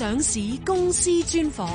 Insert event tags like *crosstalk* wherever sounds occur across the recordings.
上市公司專訪。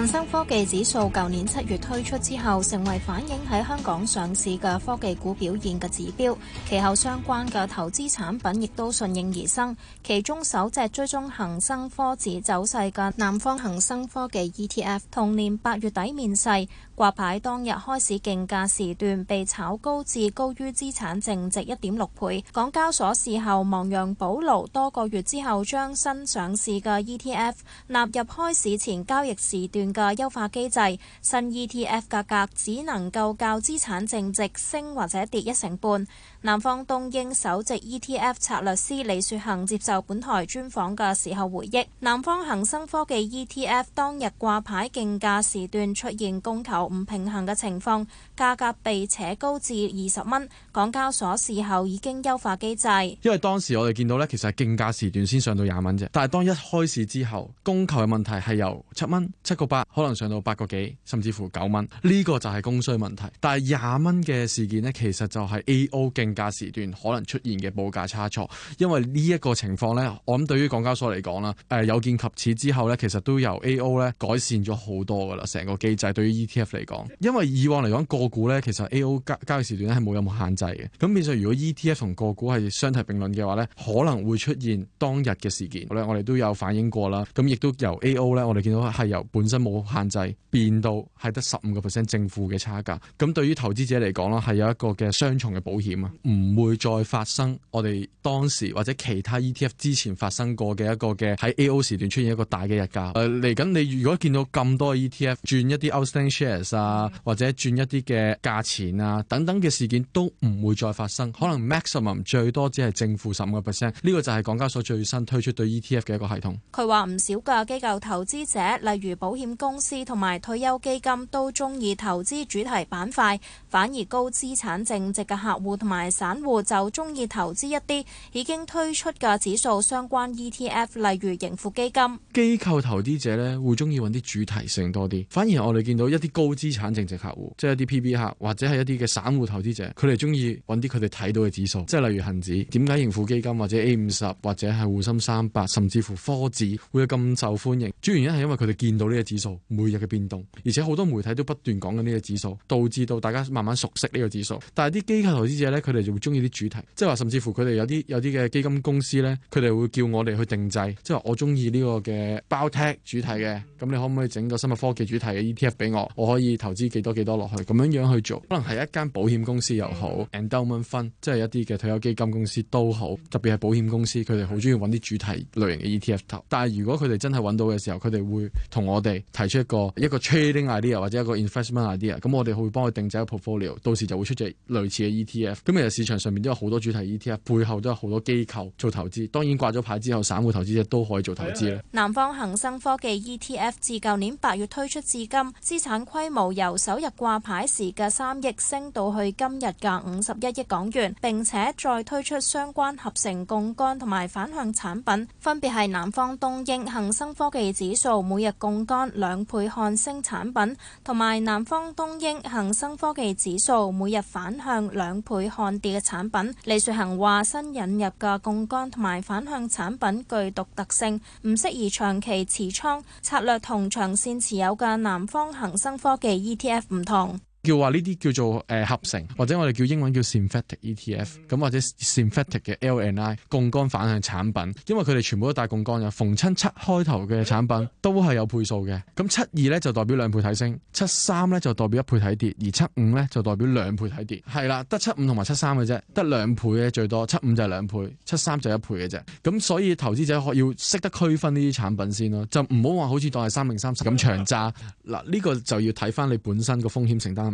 恒生科技指數舊年七月推出之後，成為反映喺香港上市嘅科技股表現嘅指標，其後相關嘅投資產品亦都順應而生。其中首隻追蹤恒生科指走勢嘅南方恒生科技 ETF，同年八月底面世，掛牌當日開市競價時段被炒高至高於資產淨值一點六倍。港交所事後亡羊補牢，多個月之後將新上市嘅 ETF 納入開市前交易時段。嘅優化機制，新 ETF 價格只能夠較資產淨值升或者跌一成半。南方東英首席 ETF 策略師李雪恒接受本台專訪嘅時候回憶，南方恒生科技 ETF 當日掛牌競價時段出現供求唔平衡嘅情況，價格被扯高至二十蚊。港交所事後已經優化機制。因為當時我哋見到呢，其實係競價時段先上到廿蚊啫，但係當一開市之後，供求嘅問題係由七蚊，七個八，可能上到八個幾，甚至乎九蚊。呢個就係供需問題。但係廿蚊嘅事件呢，其實就係 A.O. 競價時段可能出現嘅報價差錯，因為呢一個情況呢，我諗對於港交所嚟講啦，誒、呃、有見及此之後呢，其實都由 A.O 咧改善咗好多噶啦，成個機制對於 E.T.F 嚟講，因為以往嚟講個股呢，其實 A.O 交交易時段咧係冇任何限制嘅。咁變相如果 E.T.F 同個股係相提並論嘅話呢，可能會出現當日嘅事件，我哋都有反映過啦。咁亦都由 A.O 呢，我哋見到係由本身冇限制變到係得十五個 percent 正負嘅差價。咁對於投資者嚟講啦，係有一個嘅雙重嘅保險啊。唔會再發生我哋當時或者其他 ETF 之前發生過嘅一個嘅喺 A.O. 時段出現一個大嘅日價。誒嚟緊，你如果見到咁多 ETF 轉一啲 outstanding shares 啊，或者轉一啲嘅價錢啊等等嘅事件，都唔會再發生。可能 maximum 最多只係正負十五個 percent。呢個就係港交所最新推出對 ETF 嘅一個系統。佢話唔少嘅機構投資者，例如保險公司同埋退休基金，都中意投資主題板塊，反而高資產淨值嘅客戶同埋，散戶就中意投資一啲已經推出嘅指數相關 ETF，例如盈富基金。機構投資者呢，會中意揾啲主題性多啲，反而我哋見到一啲高資產淨值客戶，即係一啲 PB 客或者係一啲嘅散戶投資者，佢哋中意揾啲佢哋睇到嘅指數，即係例如恒指。點解盈富基金或者 A 五十或者係滬深三百甚至乎科指會有咁受歡迎？主要原因係因為佢哋見到呢個指數每日嘅變動，而且好多媒體都不斷講緊呢個指數，導致到大家慢慢熟悉呢個指數。但係啲機構投資者呢，佢哋。就會中意啲主題，即係話甚至乎佢哋有啲有啲嘅基金公司呢，佢哋會叫我哋去定製，即係我中意呢個嘅 BioTech 主題嘅，咁你可唔可以整個生物科技主題嘅 ETF 俾我？我可以投資幾多幾多落去咁樣樣去做。可能係一間保險公司又好，endowment fund，即係一啲嘅退休基金公司都好，特別係保險公司，佢哋好中意揾啲主題類型嘅 ETF 投。但係如果佢哋真係揾到嘅時候，佢哋會同我哋提出一個一個 trading idea 或者一個 investment idea，咁我哋會幫佢定製一個 portfolio，到時就會出隻類似嘅 ETF。市場上面都有好多主題 ETF，背後都有好多機構做投資。當然掛咗牌之後，散戶投資者都可以做投資啦。南方恒生科技 ETF 自舊年八月推出至今，資產規模由首日掛牌時嘅三億升到去今日嘅五十一億港元，並且再推出相關合成槓桿同埋反向產品，分別係南方東英恒生科技指數每日槓桿兩倍看升產品，同埋南方東英恒生科技指數每日反向兩倍看嘅產品，李雪恒話：新引入嘅槓桿同埋反向產品具獨特性，唔適宜長期持倉策略，同長線持有嘅南方恒生科技 ETF 唔同。叫話呢啲叫做誒、呃、合成，或者我哋叫英文叫 synthetic ETF，咁或者 synthetic 嘅 LNI 槓杆反向產品，因為佢哋全部都帶槓杆嘅。逢親七開頭嘅產品都係有倍數嘅。咁七二咧就代表兩倍睇升，七三咧就代表一倍睇跌，而七五咧就代表兩倍睇跌。係啦，得七五同埋七三嘅啫，得兩倍嘅最多。七五就係兩倍，七三就係一倍嘅啫。咁所以投資者要識得區分呢啲產品先咯，就唔好話好似當係三零三三咁長揸。嗱呢、這個就要睇翻你本身個風險承擔。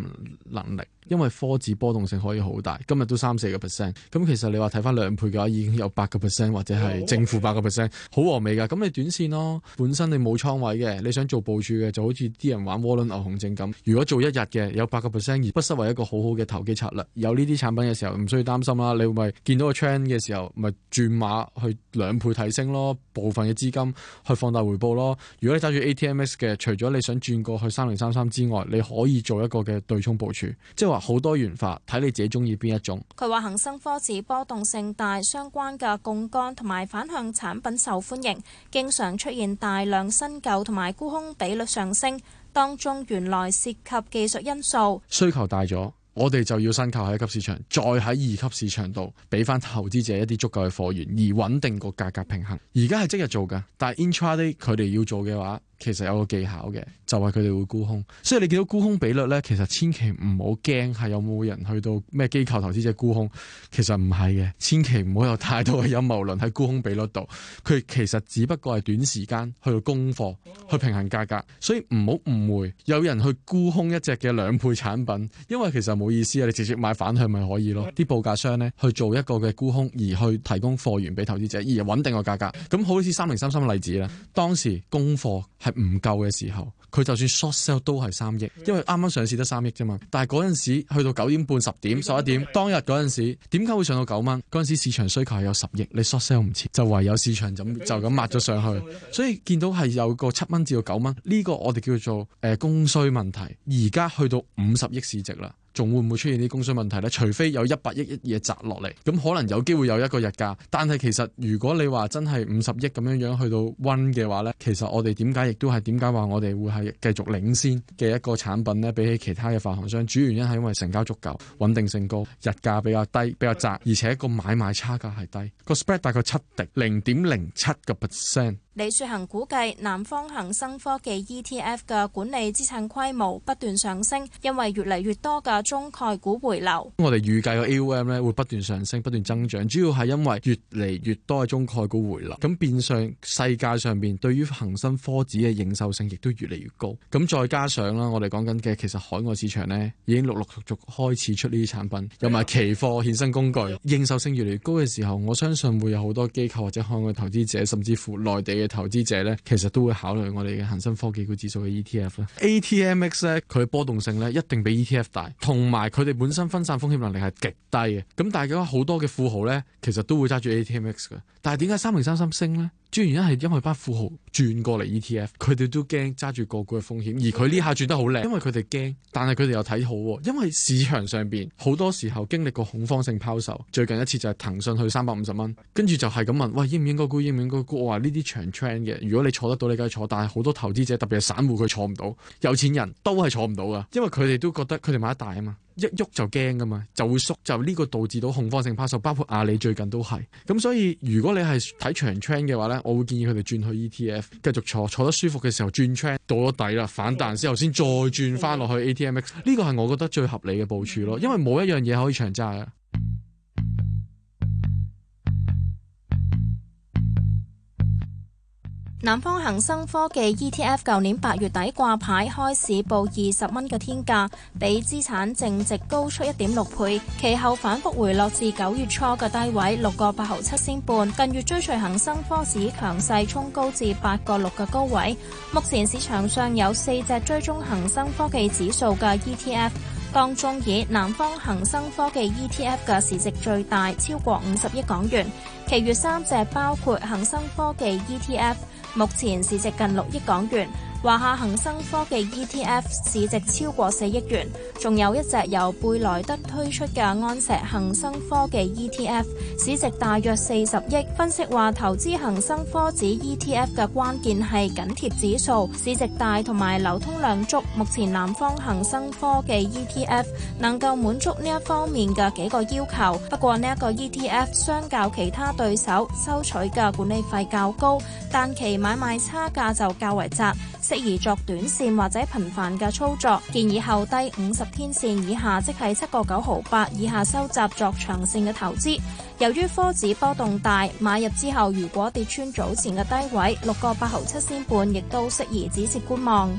能力。因為科指波動性可以好大，今日都三四個 percent，咁其實你話睇返兩倍嘅話，已經有八個 percent 或者係正負八個 percent，好和味㗎。咁你短線咯，本身你冇倉位嘅，你想做部署嘅，就好似啲人玩窩輪牛熊證咁。如果做一日嘅有八個 percent，而不失為一個好好嘅投機策略。有呢啲產品嘅時候，唔需要擔心啦。你咪見到個 trend 嘅時候，咪轉馬去兩倍提升咯，部分嘅資金去放大回報咯。如果你揸住 ATMS 嘅，除咗你想轉過去三零三三之外，你可以做一個嘅對沖部署。即係好多元化，睇你自己中意邊一種。佢話恒生科指波動性大，相關嘅槓桿同埋反向產品受歡迎，經常出現大量新舊同埋沽空比率上升，當中原來涉及技術因素，需求大咗。我哋就要申購喺一級市場，再喺二級市場度俾翻投資者一啲足夠嘅貨源，而穩定個價格平衡。而家係即日做㗎，但係 intraday 佢哋要做嘅話，其實有個技巧嘅，就係佢哋會沽空。所以你見到沽空比率呢，其實千祈唔好驚，係有冇人去到咩機構投資者沽空，其實唔係嘅，千祈唔好有太多嘅陰謀論喺沽空比率度。佢其實只不過係短時間去到供貨去平衡價格，所以唔好誤會有人去沽空一隻嘅兩倍產品，因為其實冇冇意思啊！你直接買反向咪可以咯？啲 *music* 報價商呢去做一個嘅沽空，而去提供貨源俾投資者，而穩定個價格。咁 *music* 好似三零三三例子啦。 *music* 當時供貨係唔夠嘅時候，佢就算 short sell 都係三億， *music* 因為啱啱上市得三億啫嘛。但係嗰陣時去到九點半、十點、十一 *music* 點 *music* 當日嗰陣時，點解會上到九蚊？嗰陣時市場需求係有十億，你 short sell 唔切，就唯有市場就 *music* 就咁抹咗上去。 *music* 所以見到係有個七蚊至到九蚊呢個，我哋叫做誒供需問題。而家去到五十億市值啦。仲會唔會出現啲供需問題呢？除非有一百億一嘢砸落嚟，咁可能有機會有一個日價。但係其實如果你話真係五十億咁樣樣去到溫嘅話呢，其實我哋點解亦都係點解話我哋會係繼續領先嘅一個產品呢？比起其他嘅發行商，主要原因係因為成交足夠、穩定性高、日價比較低、比較窄，而且個買賣差價係低，個 spread 大概七滴零點零七個 percent。李雪恒估計南方恒生科技 ETF 嘅管理資產規模不斷上升，因為越嚟越多嘅中概股回流。我哋預計嘅 AUM 咧會不斷上升，不斷增長，主要係因為越嚟越多嘅中概股回流。咁變相世界上邊對於恒生科指嘅認受性亦都越嚟越高。咁再加上啦，我哋講緊嘅其實海外市場呢已經陸陸續續開始出呢啲產品，有埋期貨衍生工具，認受性越嚟越高嘅時候，我相信會有好多機構或者海外投資者，甚至乎內地嘅。投資者咧，其實都會考慮我哋嘅恒生科技股指數嘅 ETF 咧，ATMX 咧，佢波動性咧一定比 ETF 大，同埋佢哋本身分散風險能力係極低嘅。咁但係嘅好多嘅富豪咧，其實都會揸住 ATMX 嘅。但係點解三零三三升咧？主要原因係因為班富豪轉過嚟 ETF，佢哋都驚揸住個股嘅風險，而佢呢下轉得好靚，因為佢哋驚，但係佢哋又睇好，啊，因為市場上邊好多時候經歷過恐慌性拋售，最近一次就係騰訊去三百五十蚊，跟住就係咁問，喂，應唔應該沽，應唔應該沽？我話呢啲長嘅，如果你坐得到你梗係坐，但係好多投資者特別係散戶佢坐唔到，有錢人都係坐唔到噶，因為佢哋都覺得佢哋買得大啊嘛，一喐就驚噶嘛，就會縮，就、這、呢個導致到恐慌性拋售，包括阿里最近都係，咁所以如果你係睇長 train 嘅話咧，我會建議佢哋轉去 ETF，繼續坐坐得舒服嘅時候轉 train 到咗底啦反彈之後先再轉翻落去 ATMX，呢個係我覺得最合理嘅部署咯，因為冇一樣嘢可以長揸啊。南方恒生科技 E T F 舊年八月底掛牌開市，報二十蚊嘅天價，比資產淨值高出一點六倍。其後反復回落至九月初嘅低位，六個八毫七仙半。近月追隨恒生科指強勢衝高至八個六嘅高位。目前市場上有四隻追蹤恒生科技指數嘅 E T F，當中以南方恒生科技 E T F 嘅市值最大，超過五十億港元。其餘三隻包括恒生科技 E T F。目前市值近六億港元。華夏恒生科技 ETF 市值超過四億元，仲有一隻由貝萊德推出嘅安石恒生科技 ETF，市值大約四十億。分析話，投資恒生科指 ETF 嘅關鍵係緊貼指數，市值大同埋流通量足。目前南方恒生科技 ETF 能夠滿足呢一方面嘅幾個要求，不過呢一個 ETF 相較其他對手收取嘅管理費較高，但其買賣差價就較為窄。適宜作短線或者頻繁嘅操作，建議后低五十天線以下，即係七個九毫八以下收集作長線嘅投資。由於科指波動大，買入之後如果跌穿早前嘅低位六個八毫七仙半，亦都適宜只是觀望。